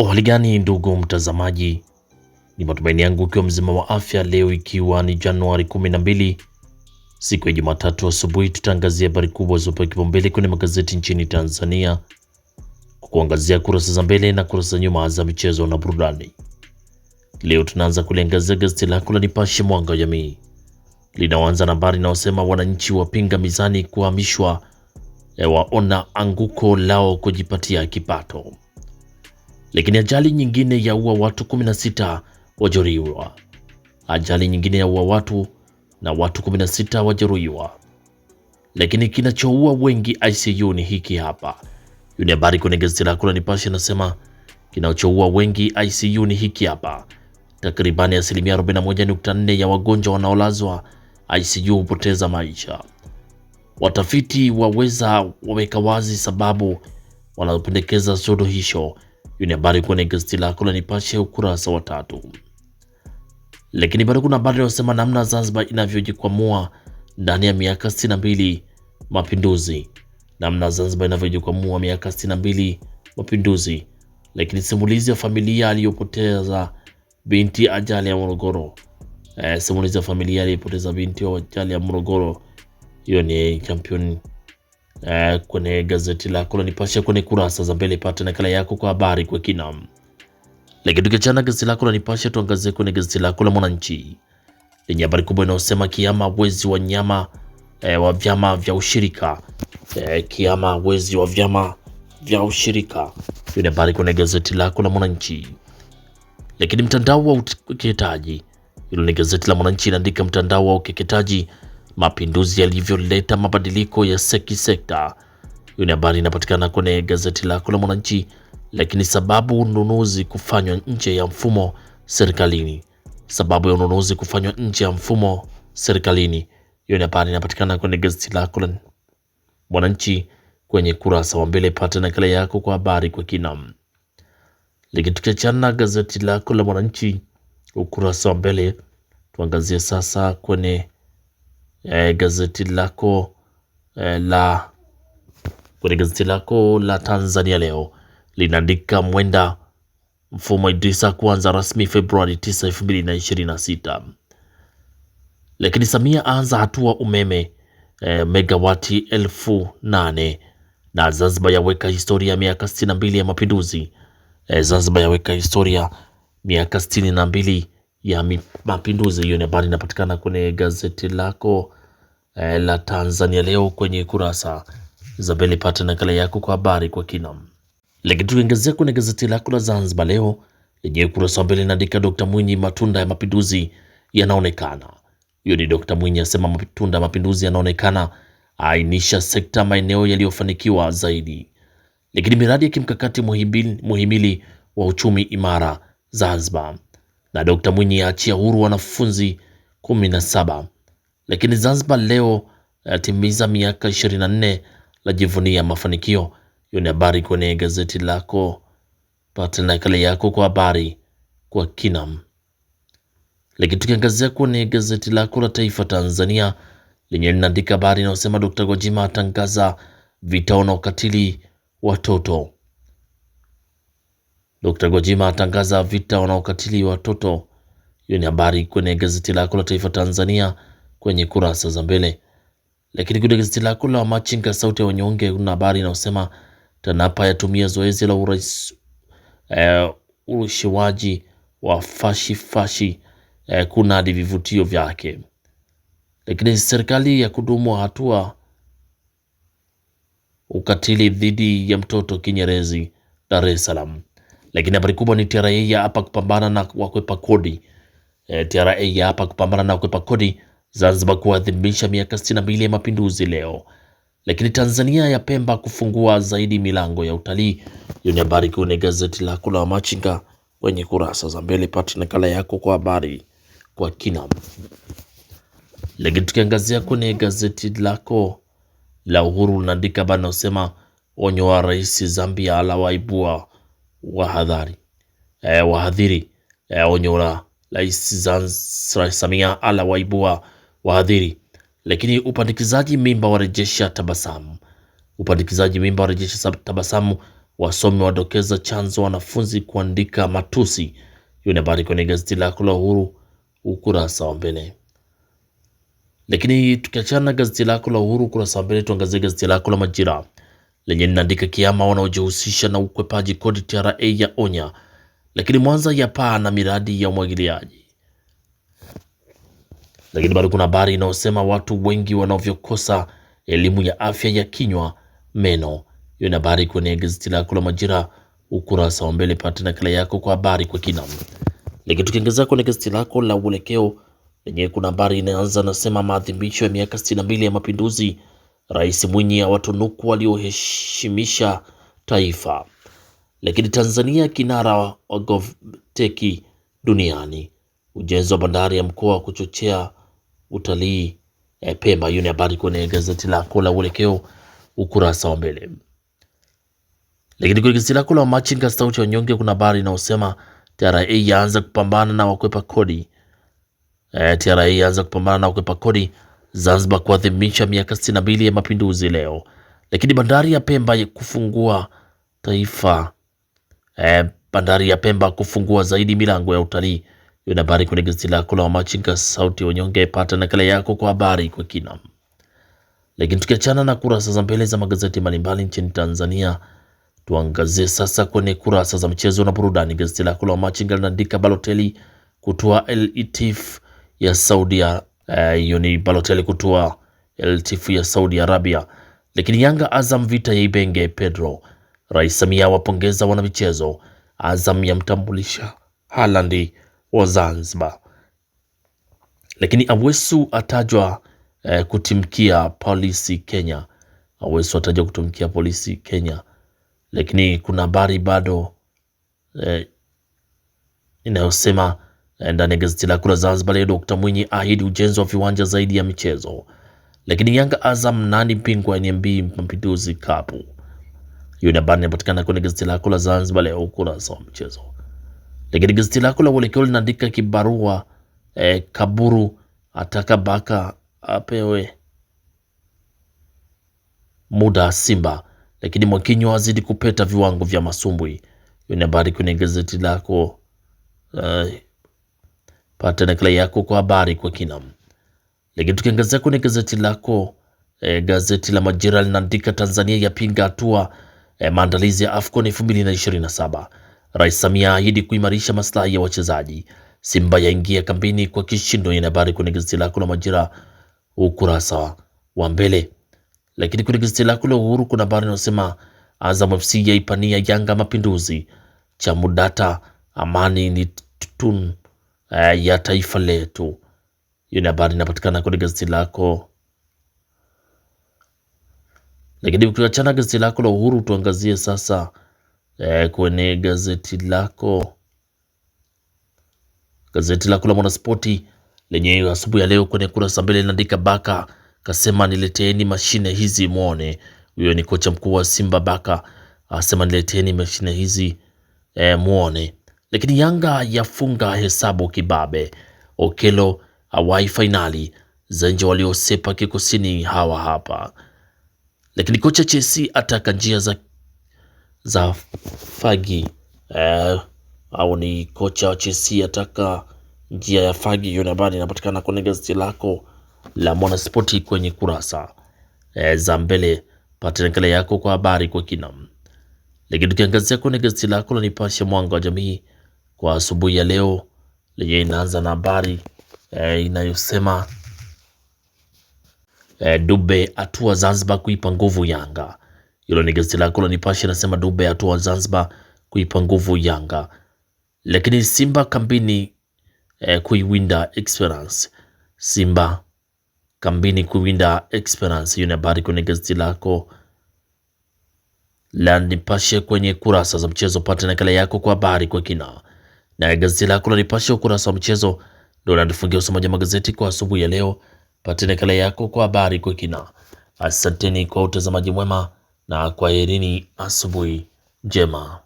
Uhaligani oh, ndugu mtazamaji, ni matumaini yangu ukiwa mzima wa afya leo, ikiwa ni Januari 12 siku ya Jumatatu asubuhi, tutaangazia habari kubwa zopewa kipaumbele kwenye magazeti nchini Tanzania, kwa kuangazia kurasa za mbele na kurasa za nyuma za michezo na burudani. Leo tunaanza kuliangazia gazeti lako la Nipashe Mwanga wa Jamii, linaanza na habari inayosema wananchi wapinga mizani kuhamishwa, eh, waona anguko lao kujipatia kipato lakini ajali nyingine yaua watu 16 wajeruhiwa. Ajali nyingine yaua watu na watu 16 wajeruhiwa. Lakini kinachoua wengi ICU ni hiki hapa. Hiyo ni habari kwenye gazeti lako la Nipashe inasema kinachoua wengi ICU ni hiki hapa. Takribani asilimia 41.4 ya wagonjwa wanaolazwa ICU hupoteza maisha. Watafiti waweza waweka wazi sababu, wanapendekeza suluhisho hiyo ni habari kwenye gazeti lako la Nipashe ukurasa wa tatu. Lakini bado kuna habari inayosema namna Zanzibar inavyojikwamua ndani ya miaka 62 mapinduzi, namna Zanzibar inavyojikwamua miaka 62 mapinduzi. Lakini simulizi ya familia aliyopoteza binti ajali ya Morogoro. E, simulizi ya familia aliyopoteza binti wa ajali ya Morogoro. Hiyo ni Champion eh, kwenye gazeti lako la Nipashe kwenye kurasa za mbele. Pata nakala yako kwa habari kwa kina. Lakini tukiachana gazeti lako la Nipashe, tuangazie kwenye gazeti lako la Mwananchi lenye habari kubwa inayosema kiama wezi wa nyama eh, wa vyama vya ushirika eh, kiama wezi wa vyama vya ushirika. Hiyo ni habari kwenye gazeti lako la Mwananchi. Lakini mtandao wa ukeketaji, hilo ni gazeti la Mwananchi inaandika mtandao wa ukeketaji mapinduzi yalivyoleta mabadiliko ya sekisekta. Hiyo ni habari inapatikana kwenye gazeti lako la Mwananchi. Lakini sababu ununuzi kufanywa nje ya mfumo serikalini, sababu ya ununuzi kufanywa nje ya mfumo serikalini. Hiyo ni habari inapatikana kwenye gazeti lako la Mwananchi kwenye kurasa wa mbele. Pata nakala yako kwa habari kwa kina. Lakini tukiachana gazeti lako la Mwananchi ukurasa wa mbele, tuangazie sasa kwenye Eh, gazeti lako eh, la kwenye gazeti lako la Tanzania leo linaandika mwenda mfumo Idrisa kuanza rasmi Februari 9, 2026. Lakini Samia aanza hatua umeme e, megawati elfu nane na Zanzibar yaweka historia miaka 62 ya mapinduzi. E, Zanzibar yaweka historia miaka 62 ya Mapinduzi. Hiyo ni habari inapatikana kwenye gazeti lako eh, la Tanzania Leo kwenye kurasa za mbele. Pata nakala yako kwa habari kwa kina. Lakini tukiangazia kwenye gazeti lako la Zanzibar Leo lenye kurasa wa mbele inaandika Dr Mwinyi, matunda ya mapinduzi yanaonekana. Hiyo ni Dr Mwinyi asema matunda ya mapinduzi yanaonekana, ainisha sekta maeneo yaliyofanikiwa zaidi. Lakini miradi ya kimkakati muhimili, muhimili wa uchumi imara Zanzibar na Dkt Mwinyi aachia huru wanafunzi 17. Lakini Zanzibar leo eh, yatimiza miaka 24 la jivunia mafanikio. Hiyo ni habari kwenye gazeti lako, pata nakala yako kwa habari kwa kinam. Lakini tukiangazia kwenye gazeti lako la Taifa Tanzania lenye linaandika habari inayosema Dkt Gwajima atangaza vitaona na ukatili watoto Dr. Gwajima atangaza vita wanaokatili watoto. Hiyo ni habari kwenye gazeti lako la Taifa Tanzania kwenye kurasa za mbele, lakini kwenye gazeti lako la Machinga Sauti ya Wanyonge kuna habari inayosema TANAPA yatumia zoezi la urais eh, urushiwaji wa fashifashi eh, kuna hadi vivutio vyake. Lakini serikali ya kudumu hatua ukatili dhidi ya mtoto Kinyerezi, Dar es Salaam. Lakini habari kubwa ni TRA ya hapa kupambana na wakwepa kodi. E, eh, TRA ya hapa kupambana na wakwepa kodi Zanzibar kuadhimisha miaka 62 ya mapinduzi leo. Lakini Tanzania ya Pemba kufungua zaidi milango ya utalii. Hiyo ni habari kwenye gazeti la kula wa machinga kwenye kurasa za mbele, pata nakala yako kwa habari kwa kina. Lakini tukiangazia kwenye gazeti lako la Uhuru linaandika bana usema onyo wa rais Zambia la waibua wahadhari e, eh, wahadhiri e, eh, onyo la Rais Samia ala waibua wahadhiri. Lakini upandikizaji mimba warejesha tabasamu, upandikizaji mimba warejesha tabasamu. Wasomi wadokeza chanzo wanafunzi kuandika matusi. Hiyo ni habari kwenye gazeti lako la Uhuru ukurasa wa mbele. Lakini tukiachana na gazeti lako la Uhuru ukurasa wa mbele, tuangazie gazeti lako la Majira lenye linaandika kiama wanaojihusisha na ukwepaji kodi TRA ya onya, lakini Mwanza ya paa na miradi ya umwagiliaji. Lakini bado kuna habari inayosema watu wengi wanavyokosa elimu ya afya ya kinywa meno. Hiyo ni habari kwenye gazeti lako la Majira ukurasa wa mbele. Pata nakala yako kwa habari kwa kina. Lakini tukiongezea kwenye gazeti lako la Uelekeo lenyewe kuna habari inaanza nasema maadhimisho ya miaka 62 ya mapinduzi Rais Mwinyi awatunuku walioheshimisha taifa. Lakini Tanzania kinara wa govteki duniani. Ujenzi wa bandari ya mkoa kuchochea utalii e, eh, Pemba. Hiyo ni habari kwenye gazeti lako la Uelekeo ukurasa wa mbele. Lakini kwenye gazeti lako la Machinga Sauti ya nyonge kuna habari inayosema TRA yaanza kupambana na wakwepa kodi. E, eh, TRA yaanza kupambana na wakwepa kodi Zanzibar kuadhimisha miaka 62 ya mapinduzi leo, lakini bandari ya Pemba kufungua taifa e, bandari ya Pemba kufungua zaidi milango ya utalii. Hiyo ni habari kwenye gazeti lako la Wamachinga, sauti wanyonge. unyonge. Pata nakala yako kwa habari kwa kina. Lakini tukiachana na kurasa za mbele za magazeti mbalimbali nchini Tanzania, tuangazie sasa kwenye kurasa za mchezo na burudani. Gazeti lako la Wamachinga linaandika Balotelli kutoa LETF ya Saudia Eh, hiyo uh, ni Balotelli kutua eltifu ya Saudi Arabia. Lakini Yanga Azam vita ya Ibenge Pedro. Rais Samia wapongeza wanamichezo. Azam yamtambulisha Haaland wa Zanzibar. Lakini Awesu atajwa eh, kutimkia polisi Kenya. Awesu atajwa kutumkia polisi Kenya. Lakini kuna habari bado eh, inayosema ndani ya gazeti lako la Zanzibar Leo, Dr Mwinyi ahidi ujenzi wa viwanja zaidi ya michezo. Lakini Yanga Azam nani pingwa NMB Mapinduzi Cup? Hiyo ni habari inapatikana kwenye gazeti lako la Zanzibar Leo ukurasa wa michezo. Lakini gazeti lako la Uelekeo linaandika kibarua eh, kaburu ataka baka apewe muda Simba, lakini Mwakinyo azidi kupeta viwango vya masumbwi. Hiyo ni habari kwenye gazeti lako uh, pata nakala yako kwa habari kwa kina. Lakini tukiangazia kwenye gazeti lako e, gazeti la Majira linaandika Tanzania yapinga hatua e, maandalizi ya AFCON 2027. Rais Samia ahidi kuimarisha maslahi ya wachezaji. Simba yaingia kambini kwa kishindo. Ina habari kwenye gazeti lako la Majira ukurasa wa mbele. Lakini kwenye gazeti lako la Uhuru kuna habari inayosema Azam FC yaipania Yanga mapinduzi. cha mudata amani ni tutun uh, ya taifa letu. Hiyo ni habari inapatikana kwenye gazeti lako. Lakini ukiachana gazeti lako la Uhuru, tuangazie sasa eh, kwenye gazeti lako gazeti lako la Mwanaspoti lenye asubuhi ya leo kwenye kurasa mbele linaandika Baka kasema nileteeni mashine hizi mwone. Huyo ni kocha mkuu wa Simba Baka asema nileteeni mashine hizi eh, mwone lakini Yanga yafunga hesabu kibabe. Okelo awai fainali Zenje waliosepa kikosini hawa hapa, lakini kocha Chesi ataka njia za, za Fagi eh, au ni kocha wa Chelsea ataka njia ya Fagi. Hiyo habari inapatikana kwenye gazeti lako la Mwanaspoti kwenye kurasa eh, za mbele. Pata nakala yako kwa habari kwa kina. Lakini tukiangazia kwenye gazeti lako la Nipashe Mwanga wa Jamii kwa asubuhi ya leo lenyewe inaanza na habari e, inayosema e, Dube atua Zanzibar kuipa nguvu Yanga. Hilo ni gazeti lako la Nipashe inasema Dube atua Zanzibar kuipa nguvu Yanga, lakini Simba kambini e, kuiwinda Experience. Simba kambini kuiwinda Experience, Hiyo ni habari kwenye gazeti lako la Nipashe kwenye kurasa za mchezo. Pata nakala yako kwa habari kwa kina na gazeti lako la Nipashe ukurasa wa michezo ndio unatufungia usomaji wa magazeti kwa asubuhi ya leo. Pate nakala yako kwa habari kwa kina. Asanteni kwa utazamaji mwema na kwaherini, asubuhi njema.